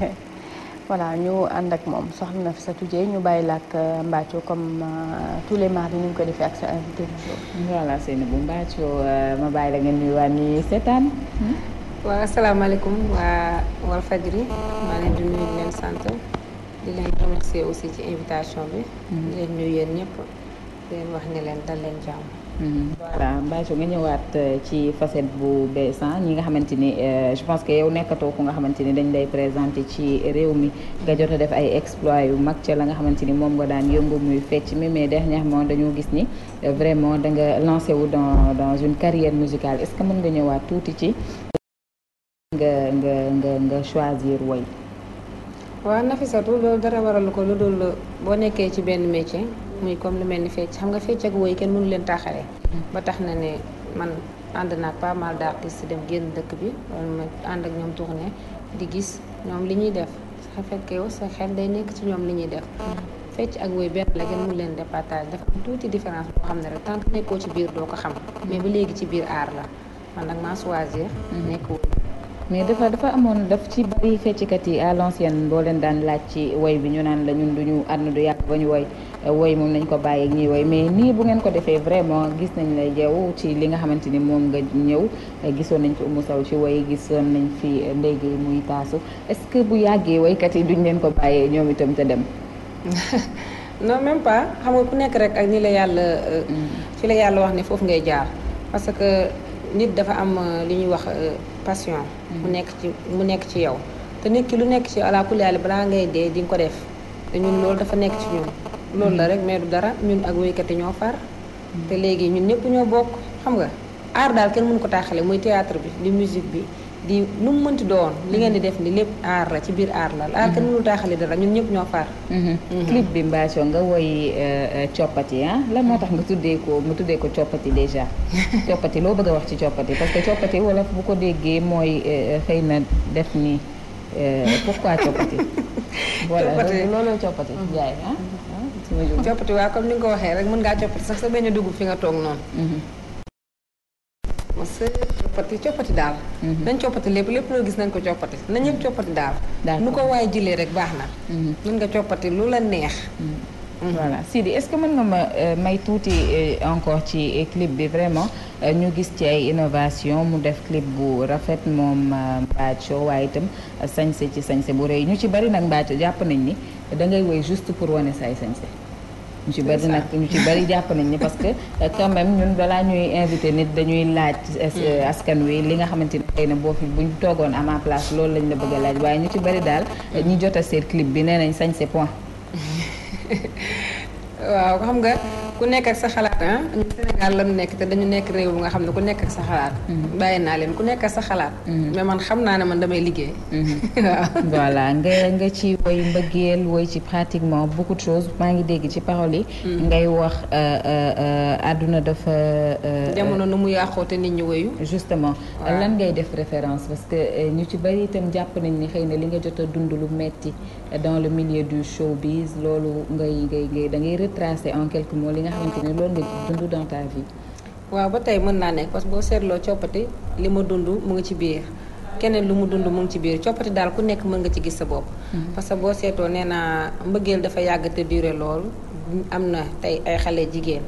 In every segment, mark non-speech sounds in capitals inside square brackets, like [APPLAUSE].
[LAUGHS] voilà ñu ànd ak moom soxna na fi sa tujee ñu bàyyi la ak euh, Mbathio comme euh, tous les mardis ni ñu ko defee ak sa invité du jour. voilà euh, ma bàyyi la ngeen nuyu waa nii seetaan. Hmm? waaw asalaamaaleykum waa Walfadjri maa leen di nuyu leen sant di leen aussi ci invitation bi. Hmm. di leen nuyu yéen di leen wax ne leen dal leen jàmm. waaw Mbathio nga ñëwaat euh, ci facette bu bees ah, ñi nga xamante ni euh, je pense que yow nekkatoo ku nga xamante ni dañ lay présenter ci réew mi nga jot def ay exploits yu mag ca la nga xamante ni moom nga daan yëngu muy fecc mi mais dernièrement dañoo gis ni euh, vraiment da nga lancé wu dans dans une carrière musicale est-ce que mën nga ñëwaat tuuti ci nga nga nga nga choisir woy waaw Nafisatou loolu dara waral ko lu dul boo nekkee ci benn métier muy comme lu mel ni fecc xam nga fecc ak woy kenn mënu leen taaxale ba tax na ne man ànd naa pas mal d'artistes dem génn dëkk bi wala ma ànd ak ñoom ne di gis ñoom li ñuy def su fekkee sa xel day nekk ci ñoom li ñuy def fecc ak woy benn la kenn mënu leen départage dafa am tuuti différence boo xam ne rek tant nekkoo ci biir doo ko xam mais ba léegi ci biir aar la man nag maa choisir mhm. nekk mais dafa dafa amoon daf ci bari fecckat yi à l'ancienne leen daan laaj ci woy bi ñu naan la ñun duñu àdduna du yàgg ba ñu woy Eh, woy moom nañ ko bàyyi ñuy woy mais nii bu ngeen ko defee vraiment gis nañ la yow ci li nga xamante ni moom nga ñëw eh, gisoon nañ fi Oumou Sow ci woy gisoon nañ fi eh, Ndeye Gueye muy taasu est-ce que bu yàggee woykat yi duñ leen ko bàyyee ñoom itam te dem [LAUGHS] non même pas xam nga ku nekk rek ak ni la yàlla fi mm. la yàlla wax ne foofu ngay jaar parce que nit dafa am euh, li ñuy wax euh, passion mm. mu nekk ci mu nekk ci yow te nit ki lu nekk ci àla kulli balaa ngay dee di nga ko def te ñun loolu dafa nekk ci ñun loolu la rek mais du dara ñun ak woykat yi ñoo far te léegi ñun ñëpp ñoo bokk xam nga aar daal kenn mënu ko taaxale muy théâtre bi di musique bi di nu mu mënti doon li ngeen di def ni lépp aar la ci biir aar la aar kenn mënu taaxale dara ñun ñëpp ñoo far mhm. Mhm. clip bi Mbathio nga woy euh, euh, coppati ah lan moo tax nga tuddee ko mu tuddee ko coppati déjà [LAUGHS] coppati loo bëgg a wax ci coppati parce que coppati wolof bu ko déggee mooy euh, xëy na def ni pourquoi [LAUGHS] voilà looloo coppati jaay ah suma jóg comme ni nga ko waxee rek mën ngaa coppati sax sa bañ a dugg fi nga toog noonu parce que coppati coppati daal nañ coppati lépp lépp loo gis nañ ko coppati nañ ñëpp coppati daal nu ko waaye jilee rek baax na mën nga coppati lu la neex Mhm. voilà Sidi est-ce que mën nga ma euh, may tuuti euh, encore ci euh, clip bi vraiment ñu gis ci ay innovation mu def clip bu rafet moom Mbathio waaye itam sañse ci sañse bu rëy ñu ci bari nag Mbathio jàpp nañ ni da ngay woy juste pour wane say sañse ñu ci bari nag ñu ci bari jàpp nañ ni parce que quand même ñun balaa ñuy invité nit dañuy laaj mhm. askan wi li nga xamante ni xëy na boo fi buñ toogoon à ma place loolu lañ la bëgg a laaj waaye ñu ci bari daal mhm. ñi jot a seet clip bi nee nañ sañse point [LAUGHS] [LAUGHS] waaw xam nga ku nekk ak sa xalaat ah ñun Sénégal lan nekk te dañu nekk réew bu nga xam ne ku nekk ak sa xalaat. Mhm. bàyyi naa leen ku nekk ak sa xalaat. Mhm. mais man xam naa ne man damay liggéey. Mhm. [LAUGHS] waaw voilà nga nga ci woy mbëggeel woy ci pratiquement beaucoup de maa ngi dégg ci parole yi. ngay wax euh, euh, euh, àdduna dafa. jamono nu mu yàqoo te nit ñi woyu. justement lan ngay def référence parce que ñu ci bari itam jàpp nañ ni xëy na li nga jot a dund lu metti dans le milieu du showbiz loolu ngay ngay ngay nga xamante ne loolu nga dund dans ta waaw ba tey mën naa nekk parce que boo seetloo coppati li ma dund mu ngi ci biir keneen lu mu dund mu ngi ci biir coppati daal ku nekk mën nga ci gis sa bopp. Mm-hmm. parce que boo seetoo neena naa mbëggeel dafa yàgg te duré lool am na tey ay xale jigéen.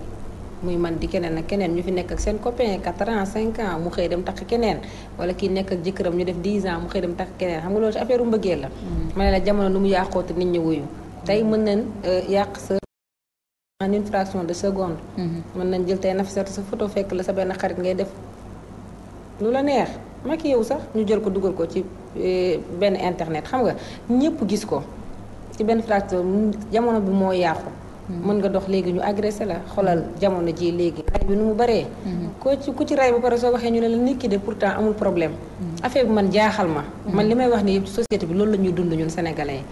muy man di keneen ak keneen ñu fi nekk ak seen copain 4 ans 5 ans mu xëy dem takk keneen wala kii nekk ak jëkkëram ñu def 10 ans mu xëy dem takk keneen xam nga loolu ci affaire mbëggeel la. Mm-hmm. ma la jamono nu mu yàqoote nit ñi wuyu. en une fraction de seconde. Mm-hmm. mën nañ jël tey Nafissatou sa photo fekk la sa benn xarit ngay def lu la neex maki yow sax ñu jël ko dugal ko ci eh, benn internet xam nga ñëpp gis ko ci benn fraction jamono bi moo yàqu. Mm-hmm. mën nga dox léegi ñu agressé la xoolal mm-hmm. jamono ji léegi ray bi nu mu baree ko ci ku ci ray ba pare soo waxee ñu ne la nit ki de pourtant amul problème. affaire bi man jaaxal ma. man li may wax nii société bi loolu la ñuy dund ñun sénégalais.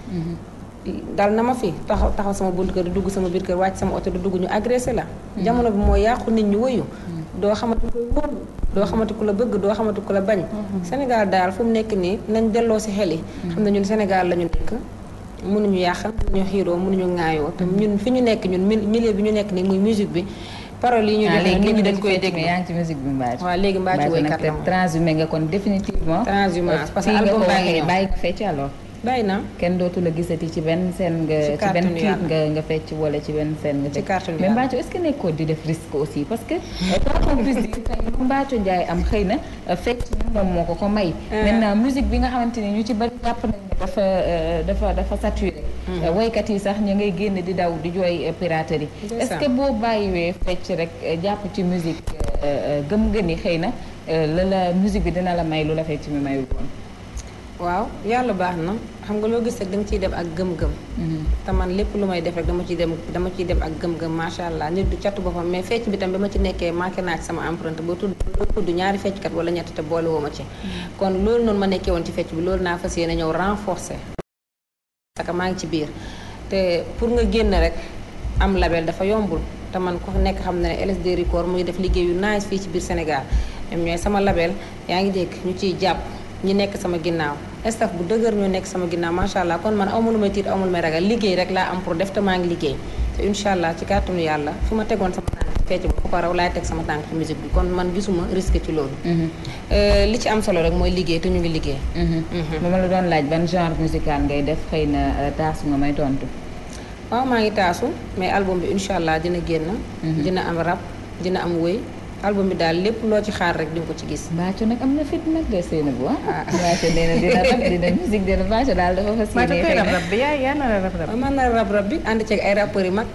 dal na ma fi taxaw taxaw sama buntu kër dugg sama biir kër wàcc sama oto di dugg ñu agressé la. Hmm. jamono bi moo yàqu nit ñi wëyu hmm. doo xamante koy wóor doo xamante ku la bëgg doo xamante ku la bañ. Hmm. Sénégal daal fu mu nekk nii nañ delloo si xel yi. xam ne ñun Sénégal la ñu nekk. ñu yàq mënuñu xiiroo mënuñu ŋaayoo te ñun fi ñu nekk ñun milieu bi ñu nekk nii muy musique bi. paroles yi ñu def ah, léegi nit ñi dañ koy dégg yaa ngi ci musique bi Mbaathio. waaw léegi nga kon définitivement. transhumance parce que album baa bàyyi fecc bàyyi naa kenn dootu la gisati ci benn seen nga ci benn clip nga nga fecc wala ci benn seen nga fecc mais Mbathio est-ce que nekkoo di def risque aussi que quoi euh, qu'on puisse dire am xëy na euh, fecc moom moo ko ko may ah. maintenant musique bi nga xamante ni ñu ci bari jàpp nañ ne dafa euh, dafa dafa hmm. woykat yi sax ñu ngay génn di daw di jooy piraterie est-ce que boo bàyyiwee fecc rek jàpp ci musique gëm nga ni xëy na la la musique bi dina la may lu la fecc mi mayul woon waaw yàlla baax na xam nga loo gis rek danga ciy dem ak gëm-gëm. Mm-hmm. te man lépp lu may def rek dama ciy dem dama ciy dem ak gëm-gëm macha allah nit du catu boppam mais fecc bi tam bi ma ci nekkee marqué naa ci sama empreinte boo tudd boo tudd ñaari ñett te boole ma ci. Mm-hmm. kon loolu noonu ma woon ci fecc bi loolu naa fas yéene ñëw renforcer. parce que maa ngi ci biir te pour nga génn rek am label dafa yombul te man ko nekk xam na ne LSD Record muy def liggéeyu nice fii ci biir Sénégal ñoom ñooy sama label yaa ngi dégg ñu ciy jàpp. ñi nekk sama ginnaaw staff bu dëgër ñoo nekk sama ginnaaw macha allah kon man amul may tiit amul may ragal liggéey rek laa am pour def te maa ngi liggéey te incha allah ci kàttanu yàlla fu ma tegoon sama tànk ci raw laay teg sama tànk ci musique bi kon man gisuma risque ci loolu. Mhm. Euh, li ci am solo rek mooy liggéey te ñu ngi liggéey. ba mhm. mhm. ma la doon laaj ban genre musical ngay def xëy na euh, taasu nga may tontu. waaw maa ngi taasu mais album bi incha allah dina génn. dina am rap dina am wéy. album bi daal lépp loo ci xaar rek di ko ci gis. Bathio nag am na fit nag de seen bu ah. ah. Bathio nee na dina rab dina musique dina Bathio daal dafa fas yéene. maa bi yaa yaa nar a rab rab. a rab bi ànd ceeg ay rappeurs yu mag.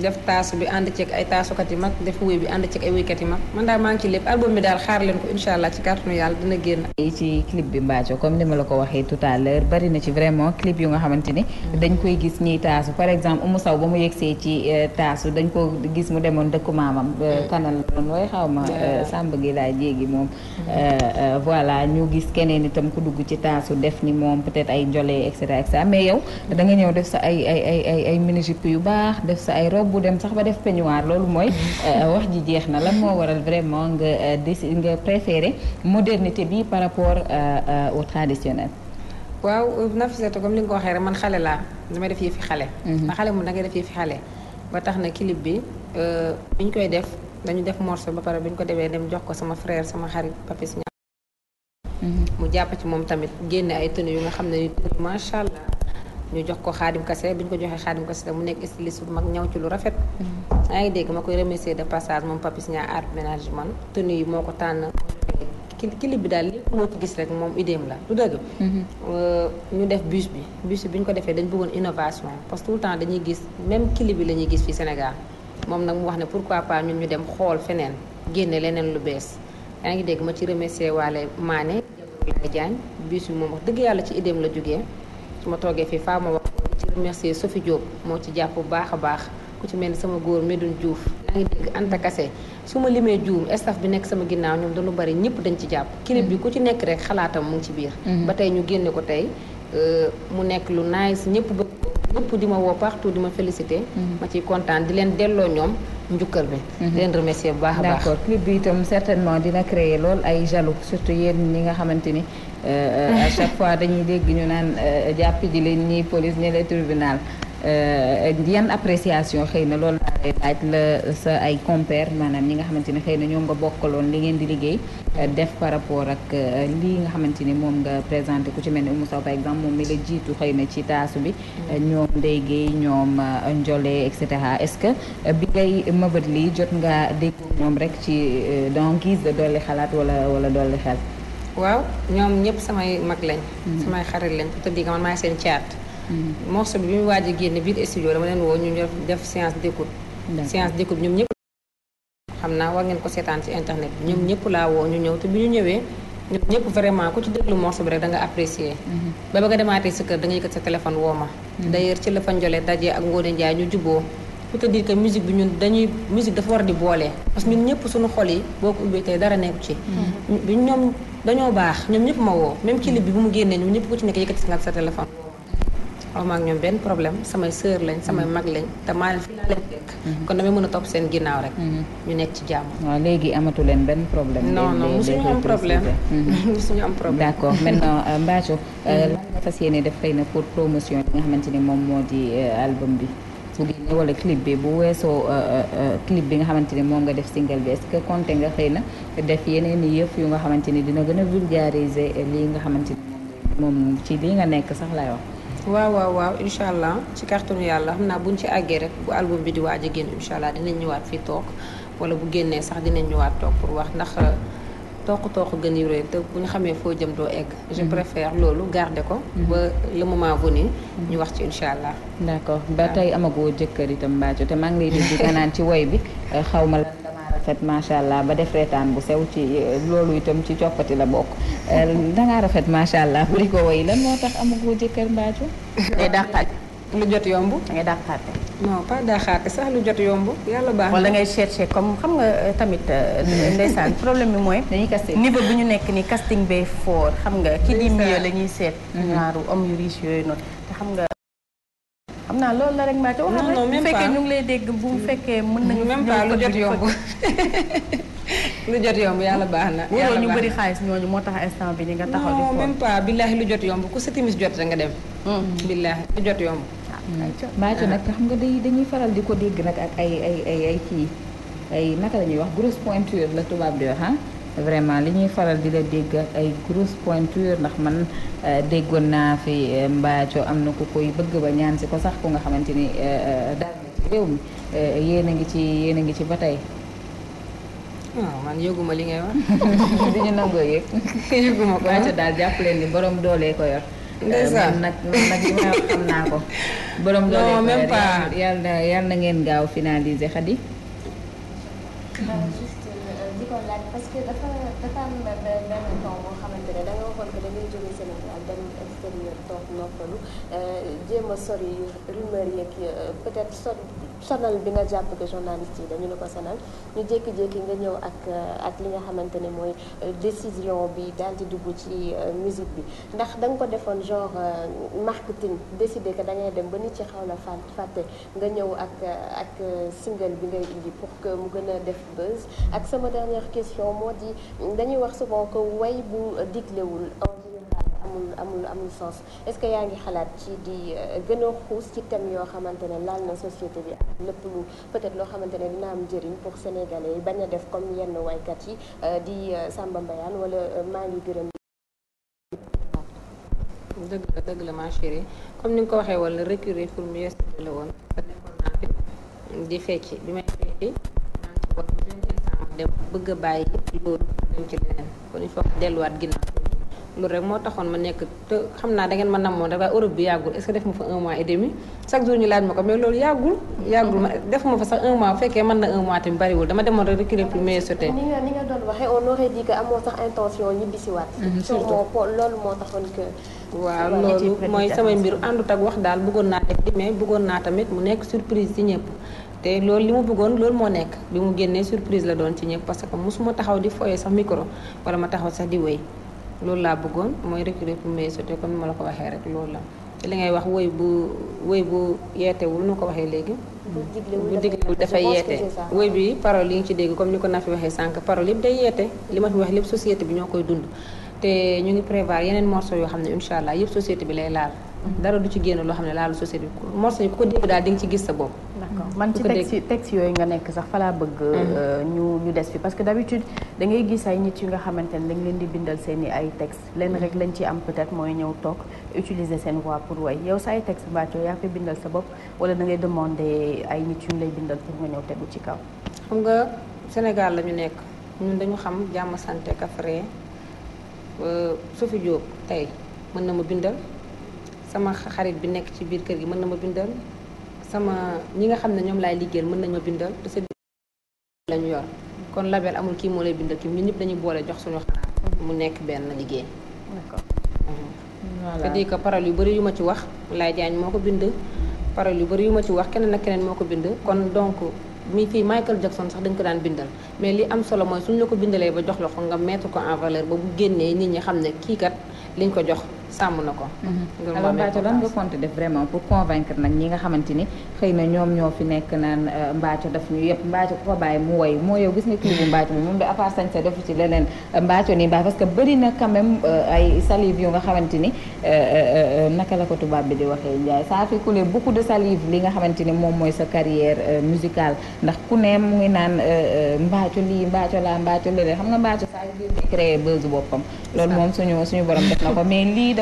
def taasu bi ànd ceeg ay taasukat yi mag def wéy bi ànd ceeg ay wéykat yi mag man daal maa ngi ci lépp album bi daal xaar leen ko incha allah ci kàttanu yàlla dina génn. ci clip bi Mbathio comme ni ma la ko waxee tout à l'heure bari na ci vraiment clip yu nga xamante mm-hmm. dañ koy gis mu yegsee ci euh, taasu ko gis mu demoon dëkku euh, mm-hmm. xaw ma. Euh, sàmb gi laa jéegi moom. Mm-hmm. voilà ñu gis keneen itam ku dugg ci taasu def ni moom peut-être ay njole et cetera mais yow da nga ñëw def sa ay ay ay ay mini yu baax def sa ay nga bu dem sax ba def peignoir loolu mooy euh, wax ji jeex na lan moo waral vraiment nga euh, décide nga préféré modernité bi par rapport euh, au traditionnel. waaw Nafissatou comme li nga ko waxee rek man xale laa damay def yëfi xale. ba mhm. xale mu dangay def yëfi xale. ba tax na clip bi bi ñu koy def dañu def morceau ba pare bi ñu ko demee dem jox ko sama frère sama xarit papis mhm. mu jàpp ci moom tamit génne ay tenues yu nga xam ne macha allah. ñu jox ko xaadim kase bi ñu ko joxee xaadim kase mu nekk styliste bu mag ñaw ci lu rafet maa mm-hmm. ngi dégg ma koy remercier de passage moom Papis Niang art management tenue yi moo ko tànn clip bi daal lépp moo ci gis rek moom idéem la du dëgg mm-hmm. euh, ñu def bus bi bus bi ñu ko defee dañ bëggoon innovation parce que tout le temps dañuy gis même kili bi la ñuy gis fii Sénégal moom nag mu wax ne pourquoi pas ñun ñu dem xool feneen génne leneen lu bees yaa ngi dégg ma ci remercier waale Mané Diagne bus moom wax dëgg yàlla ci idéem la jógee su ma toogee fii faa ma wax ci remercier Sophie Diop moo ci jàpp bu baax a baax ku ci mel ni sama góor Medoune Diouf yaa ngi dégg Anta su ma limee juum staff bi nekk sama ginnaaw ñoom dañu bari ñëpp dañ ci jàpp clip bi ku ci nekk rek xalaatam mu ngi ci biir mhm. ba tey ñu génne ko tey euh, mu nekk lu nice ñëpp bëgg ñëpp di ma woo partout di ma félicité mhm. ma ciy kontaan di leen delloo ñoom njukkal bi mhm. di leen remercier bu baax a baax d'accord clip bi itam certainement dina lool ay jaloux surtout yéen ñi nga xamante ni Euh, euh, à chaque fois dañuy dégg ñu naan euh, jàpp ji leen ñii police ñi la tribunal yan appréciation xëy na lool laa lay la sa ay compère maanaam ñi nga xamante ni xëy na ñoom nga bokkaloon li ngeen di liggéey def par rapport ak lii nga xamante ni moom nga présenté ku ci mel ni Oumou Sow par exemple moom mi la jiitu xëy na ci taasu bi ñoom Ndeye ñoom Ndiolé et cetera est-ce que bi ngay mëbët lii jot nga dégg moom rek ci dans guise de dolli xalaat wala wala dolli xel waaw ñoom ñëpp samay mag lañ. Mm-hmm. samay xarit lañ te bii man maay seen caat. Mm-hmm. morceau bi bi mu waaj a génne biir studio dama leen woo ñu def séance d'écoute. séance d'écoute ñoom ñëpp. xam naa war ngeen ko seetaan ci internet bi ñoom ñëpp laa woo ñu ñëw te bi ñu ñëwee ñoom ñëpp vraiment ku ci lu morceau bi rek da nga apprécier. Mm-hmm. ba ba nga demaatee sa kër da nga yëkkat sa téléphone woo ma. d'ailleurs ci la fa njole dajee ak Ngoné Ndiaye ñu juboo pour te dire que musique bi ñun dañuy musique dafa war di boole parce que ñun ñëpp suñu xol yi boo ko ubbee tey dara nekku ci. Mm-hmm. bi ñoom dañoo baax ñoom ñëpp ma woo même clip bi bu mu génnee ñoom ñëpp ku ci nekk yëkkati nga sa téléphone. aw ma ak benn problème samay sœur lañ samay mag lañ te maa leen fi laa mm-hmm. kon damay mën a topp seen ginnaaw rek. Mm-hmm. ñu nekk ci jàmm. waaw léegi amatu leen benn problème. non non [LAUGHS] mosuñu am problème mosuñu am problème. d' accord maintenant euh, Mbathio. Euh, lan nga fas yéene def xëy na pour promotion bi nga xamante ni moom moo di euh, album bi. su génne wala clip bi bu weesoo euh, euh, euh, clip bi nga xamante ni moom nga def single bi est-ce que nga xëy na def yeneen i yëf yu nga xamante ni dina gën a vulgariser lii nga xamante ni moom ci lii nga nekk sax lay wax. waaw waaw waaw incha allah ci kàttanu yàlla xam naa buñ ci àggee rek bu album bi di waaj a génn incha allah dinañ ñëwaat fii toog wala bu génnee sax dinañ ñëwaat toog pour wax ndax. toq toq gën yu rëy te bu ñu xamee foo jëm doo egg. je mhm. préfère loolu garder ko. Mhm. ba le moment venu. Mhm. ñu wax ci incha allah. d' accord ba tey amagoo jëkkër itam mbaaco te maa ngi naan ci woy bi [LAUGHS] eh, xaw ma lan damaa ba def reetaan bu sew ci eh, loolu itam ci coppati la bokk. Eh, dangaa rafet macha allah bu [LAUGHS] di ko woy lan moo tax amagoo jëkkër mbaaco. day dàqaaj. lu jot yomb. da ngay daaxaate. non pas daaxaate sax lu jot yomb yàlla baax na. wala ngay comme xam nga euh, tamit. Euh, [LAUGHS] ndeysaan problème bi mooy. dañuy casting niveau bi ñu nekk ni casting bee fort xam nga. ki di mieux ñuy seet. ñaaru mhm. homme yooyu noonu xam nga. xam naa loolu la rek maa ca fekkee ñu ngi lay dégg bu fekkee mën nañu. même pas lu jot yomb lu jot yomb yàlla baax na. yàlla ñu bëri xaalis ñooñu moo tax instant bi ni nga taxaw di. non billaahi lu jot yomb ku sa timis jot rek nga dem. Mm-hmm. billaahi lu jot yomb. mbaaco nag xam nga day dañuy faral di ko dégg nag ak ay ay ay ay kii ay naka la ñuy wax grosse pointure la tubaab di wax ah vraiment li ñuy faral di la dégg ak ay grosse pointure ndax man euh, déggoon naa fi euh, mbaaco am na ku koy bëgg ba ñaan si ko sax ku nga xamante ni euh, daal na ci réew mi yéen a ngi ci yéen a ngi ci ba tey waaw ah, man yëguma li ngay wax. dañu [LAUGHS] nangoo yëg. [LAUGHS] yëguma ko ah. daal jàpp leen ni borom doolee ko yor. ndeysaan eh, nag nag li naa ko. borom doole non na ngeen gaaw finaliser xadi. parce que dafa dafa am benn temps boo xamante ne da nga dem extérieur toog noppalu jéem a sori rumeur yeeg peut-être sori. sonal bi nga jàpp que journaliste yi dañu la ko sanal ñu jékki-jékki nga ñëw ak euh, ak li nga xamante ne mooy euh, décision bi daal di dugg ci euh, musique bi ndax da ko defoon genre marketing décidé que da ngay dem ba nit ci xaw la fàtte nga ñëw ak ak single bi ngay indi pour que mu gën a def buzz ak sama dernière question moo di dañuy wax souvent ko way bu diglewul amul amul amul sens est-ce que yaa ngi xalaat ci di euh, gën a xuus ci thème yoo xamante ne laal na société bi ak lépp lu peut-être loo xamante ne dina am njëriñ pour sénégalais yi bañ a def comme yenn waykat yi euh, di euh, Samba Mbayaan wala maa ngi gërëm dëgg la dëgg la ma chérie comme ni nga ko waxee wala reculer pour mieux la woon di fecci bi may fecci naan ci wax dem bëgg a bàyyi loolu dem ci leneen kon il faut delluwaat ginnaaw loolu rek moo taxoon ma nekk te xam naa dangeen ma namoon rek waaye Europe bi yàggul est-ce que def ma fa un mois et demi chaque jour ñu laaj ma ko mais loolu yàggul. yàggul ma def ma fa sax un mois bu fekkee mën na un mois tamit bariwul intention ñibbisiwaat. Mhm, surtout loolu moo taxoon que. waaw loolu mooy samay mbir àndut ak wax daal bëggoon naa def mais bëggoon naa tamit mu nekk surprise ci ñëpp. te loolu li mu bëggoon loolu moo nekk bi mu génnee surprise la doon ci ñëpp parce que ma taxaw di foyee sax micro wala ma taxaw sax di wéy loolu laa bëggoon mooy reculer pour mieux sauter comme ni ma la ko waxee rek loolu la te li ngay wax woy bu woy bu yeetewul nu ko waxee léegi bu diglewul dafay yeete woy bi parole li ngi ci dégg comme ni ko Nafi waxee sànq parole yëpp day yeete li ma fi wax lépp société bi ñoo koy dund te ñu ngi prévoir yeneen morceau yoo xam ne incha allah yëpp societé bi lay laal dara du ci génn loo xam ne laalu société bi morceau yi ku ko dégg daal di nga ci gis sa bopp. d'accord man ci texte yooyu nga nekk sax fa bëgg. Mhm. Euh, ñu ñu des fi parce que d'habitude dangay gis ay nit yu nga xamante ne dañ leen di bindal seen ay texte leen rek lañ ci am peut-être mooy ñëw toog utiliser seen voix pour way yow sa ay texte Mbathio yaa koy bindal sa bopp wala da ngay demander ay nit yu lay bindal pour ñëw tegu ci kaw. xam nga Sénégal la ñu nekk ñun dañu xam jàmm santé kafre euh, Sophie Diop tey mën na ma bindal. sama xarit bi nekk ci biir kër gi mën na ma bindal sama ñi nga xam ne ñoom laay liggéeyal mën nañ ma bindal parce que lañu yor kon label amul kii moo lay bindal kii ñun ñëpp dañuy boole jox suñu xalaat mu nekk benn liggéey mhm. voilà c'est-à-dire parole yu bari yu ma ci wax Laye Diagne moo ko bind parole yu bari yu ma ci wax keneen ak keneen moo ko bind kon donc mi fii Michael Jackson sax dañ ko daan bindal mais li am solo mooy suñu la ko bindalee ba jox la ko nga met ko en valeur génnee nit ñi xam ne kii kat liñ ko jox sàmm na ko. Mhm. alors Mbathio lan nga compte def vraiment pour convaincre nag ñi nga xamante ni xëy na ñoom ñoo fi nekk naan euh, Mbathio daf ñu yëpp Mbathio ku ko bàyyi mu woy moo yow gis nga clip bu Mbathio moom de à part sañ sa defu ci leneen euh, Mbathio nii baax parce na quand même euh, ay salive yu nga xamante ni naka la ko tubaab bi di waxee Ndiaye ça fait couler beaucoup de salive li nga xamante ni moom mooy sa carrière musicale ndax ku ne mu ngi naan Mbathio lii Mbathio laa Mbathio léeg-léeg xam nga Mbathio saa yu di créer buzz boppam loolu moom suñu suñu borom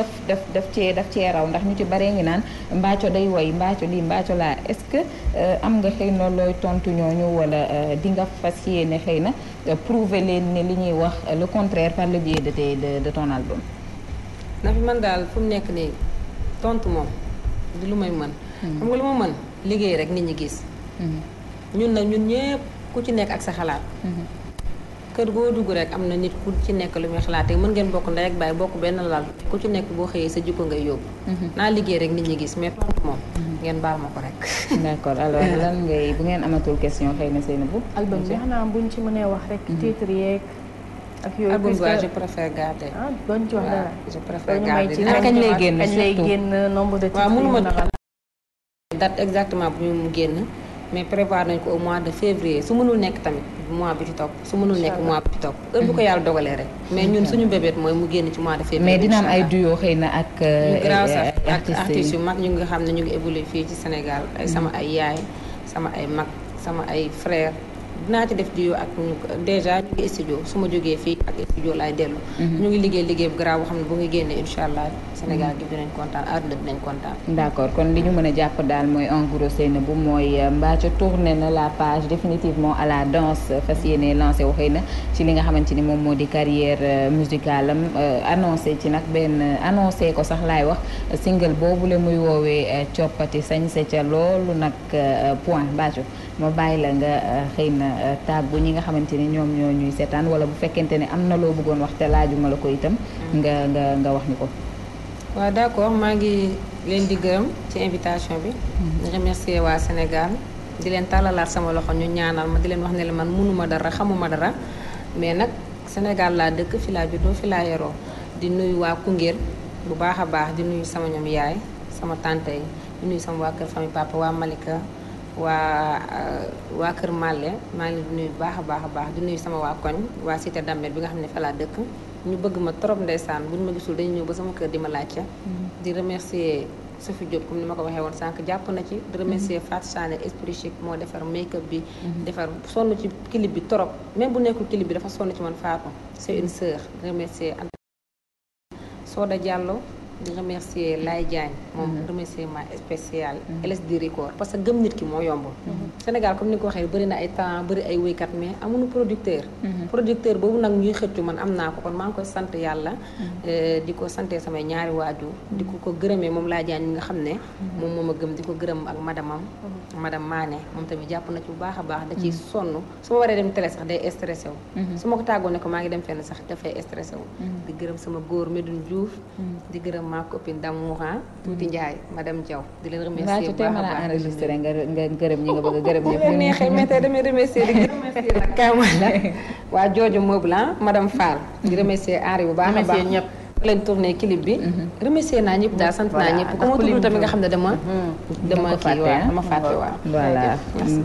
def daf daf daf cee daf cee raw ndax ñu ci baree ngi naan mbaaco day woy mbaaco lii mbaaco laa est-ce que euh, am nga xëy na looy tontu ñooñu wala euh, di nga fas yéene xëy na euh, prouver leen ne li ñuy wax le contraire par le biais de tes de ton album. na fi man daal fu nekk nii tontu moom lu may mën. Hmm. xam nga lu ma mën liggéey rek nit ñi gis. Hmm. ñun nag ñun ñëpp ku ci nekk ak sa xalaat. Hmm. kër boo dugg rek am na nit ku ci nekk lu muy xalaatee mën ngeen bokk ndey ak baay bokk benn lal ku ci nekk boo xëyee sa jikko ngay yóbbu. Mhm. naa liggéey rek nit ñi gis mais tontu moom. Mhm. ngeen baal ma ko rek. [LAUGHS] d' accord alors [LAUGHS] lan ngay bu ngeen amatul question xëy na seen bu. album bi xanaa buñ ci mënee wax rek. Mhm. titre yeeg ak yooyu. album bi je préfère garder. ah doon ci wax dara. Ah, lay génn kañ lay génn nombre de titres yi mun date exactement bu ñu mu génn mais prévoir nañ ko au mois de février su mënul nekk tamit. mois bi ci topp su mënul nekk mois bi ci topp heure bu ko yàlla dogalee rek mais ñun suñu bébét mooy mu génn ci mois de mais dina ay duo xëy na ak euh, graaw euh, sax yu mag ñu nga xam ne ñu ngi évolué fii ci Sénégal ay mm. sama ay yaay sama ay mag sama ay frère dinaa ci def jiw ak dèjà ñu su ma jógee fii ak studio laay dellu. Mhm. ñu ngi liggéey liggéey bu garaaw boo xam ne bu ngi génnee incha allah Sénégal gi dinañ kontaan àdduna dinañ kontaan. d' accord kon li ñu mën a jàpp daal mooy en gros Seynabou mooy euh, Mbathio tourné na la page définitivement à la danse fas yéene lancé waxee na ci li nga xamante ni moom moo di carrière euh, musicale am euh, annoncé ci nag benn annoncé ko sax laay wax single boobu la muy woowee coppati sañ sa ca loolu nag point Mbathio. ma bàyyi la nga euh, xëy na euh, tàggu ñi nga xamante ni ñoom ñoo ñuy seetaan wala bu fekkente ne am na loo bëggoon wax te laajuma la ko itam. Mm. nga nga nga wax ñu ko. waaw d'accord maa ngi leen di gërëm ci invitation bi. Mm-hmm. di remercier waa Sénégal di leen tàllalaat sama loxo ñu ñaanal ma di leen wax ne la man mënuma dara xamuma dara mais nag Sénégal laa dëkk fi laa juddoo fi laa yaroo di nuyu waa Koungheul bu baax a baax di nuyu sama ñoom yaay sama tante yi di nuyu sama waa waa euh, waa Kër Malle maa ngi leen di nuyu baax a baax a baax di nuyu sama waa koñ waa cité Damel bi nga xam ne fa laa dëkk ñu bëgg ma trop bu buñ ma gisul dañu ñëw ba sama kër di ma laajte. Mm-hmm. di remercier Sophie Diop comme ni ma ko waxee woon sànq jàpp na ci. di remercier mm-hmm. Fatou Sané esprit chic moo defar make up bi. Mm-hmm. defar sonn ci clip bi trop même bu nekkul clip bi dafa sonn ci man Fatou. c'est une sœur remercier Anta Soda Diallo. di remercier Laye Diagne moom mhm. remerciement spécial mhm. LSD Record parce que gëm nit ki moo yomb mhm. Sénégal comme ni ko waxee bëri na ay talent bëri ay woykat mais amuñu producteur producteur boobu nag ñuy xëccu man am naa ko kon maa ngi koy sant yàlla euh, di ko sante samay ñaari waajur di ko ko gërëmee moom Laye Diagne mi nga xam ne moom moom a gëm di ko gërëm ak madamam madame Mané moom tamit jàpp na ci bu baax a baax da ciy sonn su ma waree dem télé sax day stressé wu su ma ko tàggoo ne ko maa ngi dem fenn sax dafay stressé di gërëm sama góor Medoune Diouf di gërëm ma copine d'amour ah. tuuti mm-hmm. ma dem Diaw. di leen remercier bu baax a baax naa enregistré nga nga gërëm ñi nga bëgg a gërëm ñëpp. bu [LAUGHS] neexee mais tey damay remercier di [LAUGHS] remercier nag Kamala waa jooju meuble ah, ma dem Fall. di remercier Henri bu baax a baax remercier lañ tourné clip bi. Mhm. remercier naa ñëpp daal sant naa ñëpp. ku ma tudd tamit nga xam ne dama. Mhm. dama kii waaw dama ah. fàtte waaw. voilà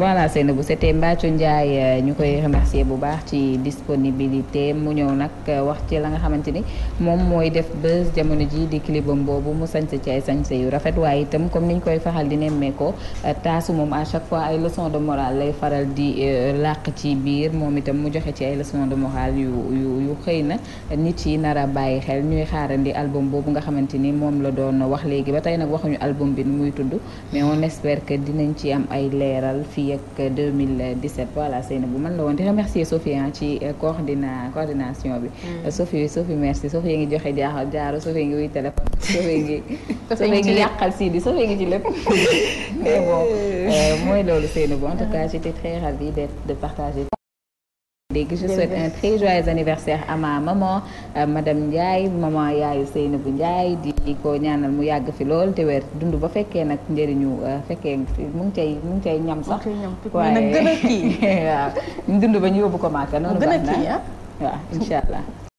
voilà bu setee Mbathio Ndiaye euh, ñu koy remercier bu baax ci disponibilité mu ñëw nag euh, wax ci la nga xamante ni moom mooy def buzz jamono ji di clipam boobu mu sañse ci ay sañse yu rafet waaye itam comme niñ koy faxal di nemmee nemmeekoo euh, taasu moom à chaque fois ay leçons de morale lay faral di làq ci biir moom itam mu joxe ci ay leçons de morale yu yu xëy na xaarandi album boobu nga xamante ni moom la doon wax léegi ba tey nag waxuñu album bi nu muy tudd mais on espère que dinañ ci am ay leeral fii ak 2017 voilà bu man la woon di remercier Sophie ci euh, coordina coordination bi. Mm. Euh, Sophie Sophie merci Sophie a ngi joxe jaaxal jaaro Sophie ngi wuy téléphone. Sophie ngi [LAUGHS] Sophie ngi yàqal Sidi Sophie ngi ci lépp. [LAUGHS] mais euh, mooy loolu Seynabou en tout cas j'étais très ravie de de partager. léegi je souhaite un très joyeux anniversaire à ma maman euh, madame Ndiaye maman yaayu bu Ndiaye di ko ñaanal mu yàgg fi lool te weer dund ba fekkee nag njëriñu euh, fekkee mu ngi cay mu cay ñam sax waaye [LAUGHS] waaw dund ba ñu yóbbu ko maaka noonu baax na ah. waaw incha allah